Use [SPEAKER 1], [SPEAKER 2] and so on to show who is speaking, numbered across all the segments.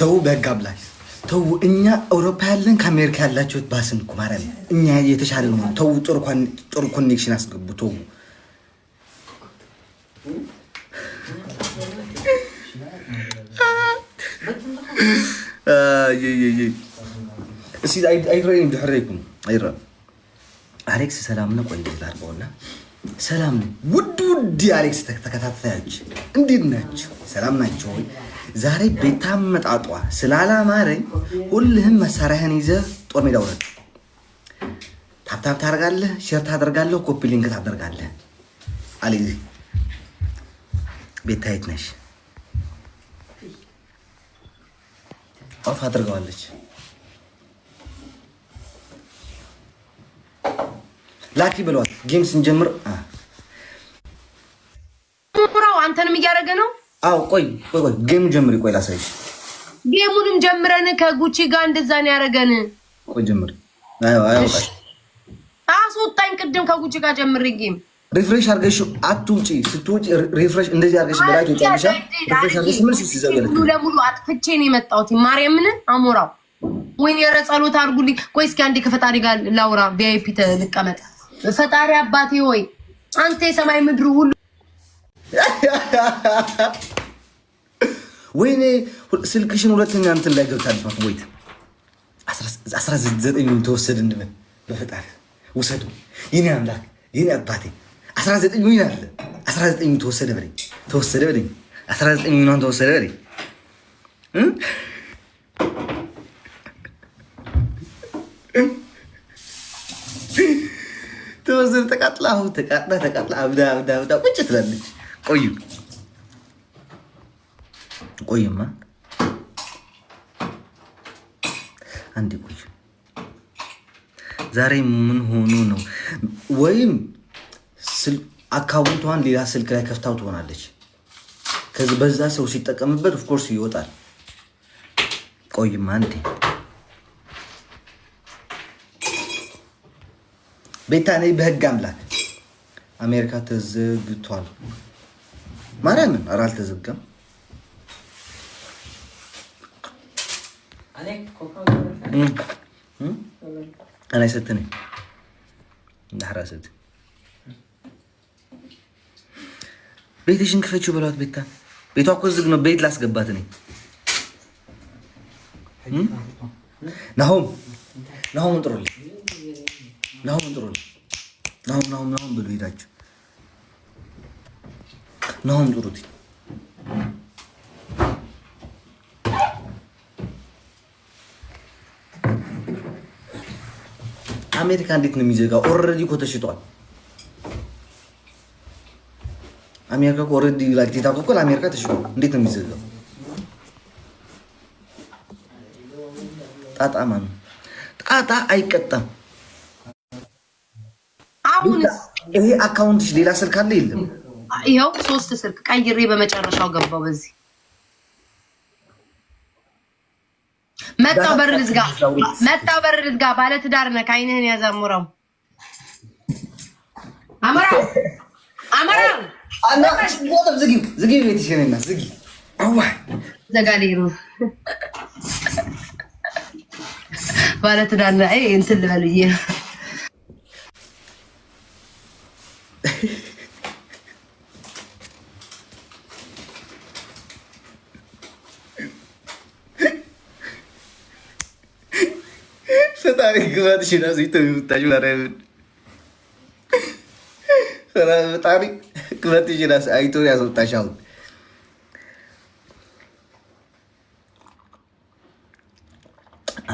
[SPEAKER 1] ተው፣ በጋ አምላክ ተው። እኛ አውሮፓ ያለን ከአሜሪካ ያላችሁት ባስን እኮ እኛ የተሻለ ነው። ተው፣ ጥሩ ኮኔክሽን አስገቡ። ተው እስኪ አይድረይም አይረ አሌክስ ሰላምና ቆይ ላርገውና ሰላም ውድ ውድ የአሌክስ ተከታታዮች እንዴት ናቸው? ሰላም ናቸው ወይ? ዛሬ ቤታ መጣጧ ስላላማረኝ ሁልህም መሳሪያህን ይዘህ ጦር ሜዳ ውረድ። ታፕታፕ ታደርጋለህ፣ ሼር ታደርጋለህ፣ ኮፒ ሊንክ ታደርጋለህ። አሊ ቤታ የት ነሽ? ኦፍ አድርገዋለች። ላኪ ብለዋል። ጌም ስንጀምር
[SPEAKER 2] ሙራው አንተንም እያደረገ ነው።
[SPEAKER 1] አዎ ቆይ ቆይ ቆይ ጌም ጀምር ቆይ ላሳይሽ።
[SPEAKER 2] ጌሙንም ጀምረን ከጉቺ ጋር እንደዛ ነው ያደረገን።
[SPEAKER 1] ቆይ ጀምሪ። አዎ አዎ
[SPEAKER 2] አስወጣኝ። ቅድም ከጉቺ ጋር ጀምር ጌም
[SPEAKER 1] ሪፍሬሽ አርገሽ አትውጪ። ስትውጪ ሪፍሬሽ እንደዚህ አርገሽ በላይ ትውጫለሽ። ሪፍሬሽ አርገሽ ምን ሲዘው ያለሽ
[SPEAKER 2] ሙሉ ለሙሉ አጥፍቼ ነው የመጣሁት። ማርያምን አሞራው ወይኔ፣ ኧረ ጸሎት አድርጉልኝ። ቆይ እስኪ አንዴ ከፈጣሪ ጋር ላውራ። ቪአይፒ ልቀመጥ ፈጣሪ አባቴ ወይ አንተ የሰማይ ምድሩ ሁሉ
[SPEAKER 1] ወይኔ ስልክሽን ሁለተኛ እንትን ላይ ገብታለች ማለት ወይት አስራ ዘጠኝ ተወሰድ እንድምን በፈጣሪ ውሰዱ። ይኔ አምላክ ይኔ አባቴ አስራ ዘጠኝ ይን አለ አስራ ዘጠኝ ተወሰደ በለኝ ተወሰደ በለኝ አስራ ዘጠኝ ተወሰደ በለኝ ከወዘን ተቃጥላ አሁን ተቃጥላ ተቃጥላ አብዳ አብዳ አብዳ ቁጭ ትላለች። ቆዩ ቆዩማ አንዴ ቆዩ። ዛሬ ምን ሆኖ ነው? ወይም አካውንቷን ሌላ ስልክ ላይ ከፍታው ትሆናለች። ከዚህ በዛ ሰው ሲጠቀምበት ኦፍኮርስ ይወጣል። ቆይማ አንዴ ቤታኔ በህግ አምላክ አሜሪካ ተዘግቷል። ማርያምን ኧረ አልተዘጋም። አናይ ሰትነ ዳሕራ ሰት ቤትሽን ክፈችው በሏት። ቤታ ቤቷ እኮ ዝግ ነው። ቤት ላስገባት ነኝ። ናሆም ናሆም ጥሩልኝ ናሁን ጥሩ ነው። ናሁን ናሁን ናሁን ብሎ ሄዳችሁ ናሁን ጥሩት። አሜሪካ እንዴት ነው የሚዘጋ? ኦልሬዲ እኮ ተሽጧል። አሜሪካ እኮ ኦልሬዲ ላይክ እኮ ለአሜሪካ ተሽጧል። እንዴት ነው የሚዘጋው? ጣጣ ጣጣ አይቀጣም። ይሄ አካውንትሽ ሌላ ስልክ አለ የለም?
[SPEAKER 2] ይኸው ሶስት ስልክ ቀይሬ በመጨረሻው ገባው። በዚህ መጣው በር ልዝጋ፣ መጣው በር ልዝጋ። ባለትዳር ነህ፣ አይንህን ያዘሙረው። አመራ አመራ
[SPEAKER 1] ዝጊ ዝጊ፣ ቤትሽን ዝጊ። አዋ
[SPEAKER 2] ባለትዳር ነህ። እንትን ልበል ብዬሽ ነው
[SPEAKER 1] ፈጣሪ ግባትሽን አስይቶ የምታሽ ማርያምን ፈጣሪ ግባትሽን አይቶ ያስወጣሽ። አሁን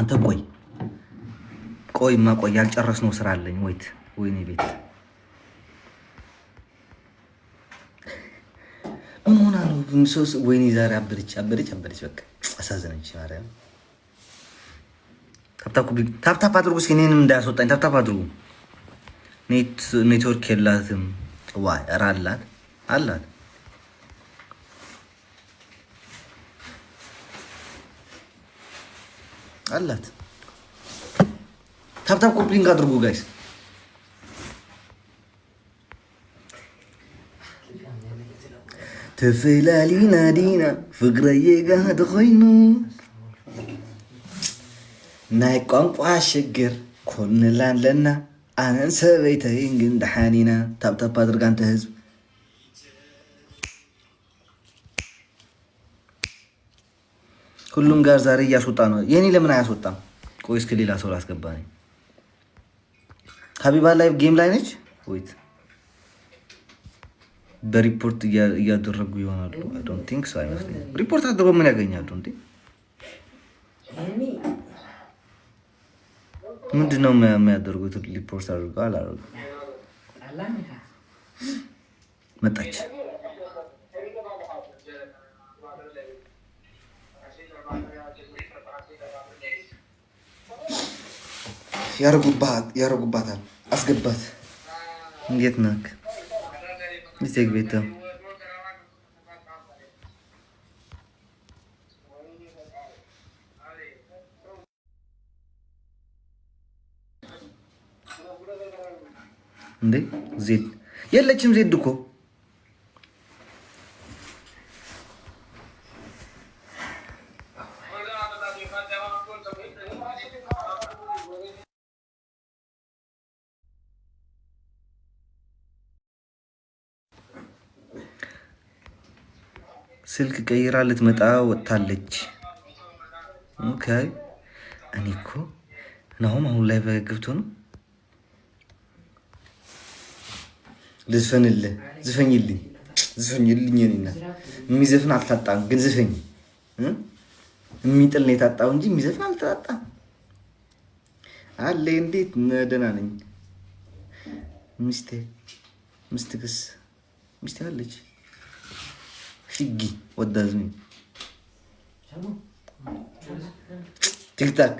[SPEAKER 1] አንተ ቆይ ቆይማ ቆይ ያልጨረስነው ስራ አለኝ። ወይት ወይኔ ቤት ምን ሆና ነው? ወይኔ ዛሬ አበደች አበደች አበደች። በቃ አሳዘነች ማርያምን ታፕታፕ አድርጉ እስኪ እኔንም እንዳያስወጣኝ ታፕታፕ አድርጉ። ኔትወርክ የላትም ዋ ኧረ አላት አላት አላት። ታፕታፕ ኮፕሊንግ አድርጉ ጋይስ። ትፍላሊና ዲና ፍቅረዬ ጋር ትኮይኑ ናይ ቋንቋ ሽግር ኮንላ ኣለና ኣነን ሰበይተይን ግን ድሓኒና ታብታብ ኣድርጋ እንተ ህዝብ ሁሉም ጋር ዛሬ እያስወጣ ነው። የኔ ለምን አያስወጣም? ቆይ እስኪ ሌላ ሰው ላስገባ። ሀቢባ ላይ ጌም ላይ ነች። ወይት በሪፖርት እያደረጉ ይሆናሉ። ሪፖርት አድርጎ ምን ያገኛሉ እንዴ? ምንድን ነው የሚያደርጉት? ሪፖርት አድርገው አላደርጉ መጣች። ያረጉባታል። አስገባት። እንዴት ነህ? ዜግ ቤተው እንዴ ዜድ የለችም። ዜድ እኮ ስልክ ቀይራ ልትመጣ ወጥታለች። ኦኬ እኔ እኮ ናሁም አሁን ላይ በገብቶ ነው ልዝፈንልህ ዝፈኝልኝ ዝፈኝልኝ ና የሚዘፍን አልታጣም፣ ግን ዝፈኝ። የሚጥል ነው የታጣው እንጂ የሚዘፍን አልታጣም አለ። እንዴት ደህና ነኝ። ሚስቴ ምስትክስ ሚስቴ አለች ሽጊ ወዳዝሚ ቲክታክ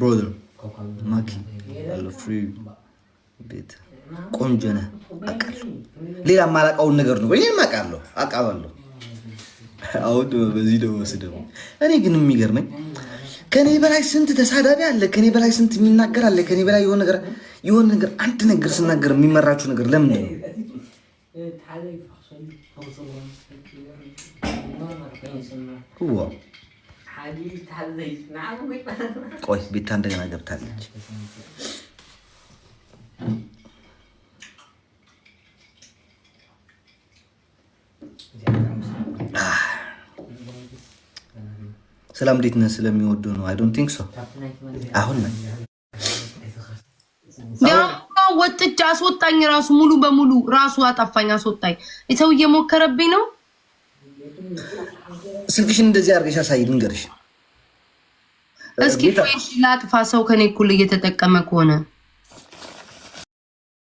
[SPEAKER 1] ብሮደር ማኪ ፍሪ ቤት ቆንጆ ነህ አውቃለሁ። ሌላ ማላውቀውን ነገር ነው እኔም አውቃለሁ አውቃለሁ። አሁን በዚህ ደግሞ ስደቡ እኔ ግን የሚገርመኝ ከኔ በላይ ስንት ተሳዳቢ አለ፣ ከኔ በላይ ስንት የሚናገር አለ፣ ከኔ በላይ የሆነ ነገር የሆነ ነገር አንድ ነገር ስናገር የሚመራችሁ ነገር ለምንድን ነው? ቆይ ቤታ እንደገና ገብታለች። ሰላም እንዴት ነህ? ስለሚወዱ ነው። አይ ዶንት ቲንክ ሶ። አሁን ነው
[SPEAKER 2] ወጥቼ አስወጣኝ። ራሱ ሙሉ በሙሉ ራሱ አጠፋኝ፣ አስወጣኝ። ሰው እየሞከረብኝ ነው።
[SPEAKER 1] ስልክሽን እንደዚህ አድርገሽ አሳይ፣ ልንገርሽ
[SPEAKER 2] እስኪ። ላጥፋ። ሰው ከኔ እኩል እየተጠቀመ ከሆነ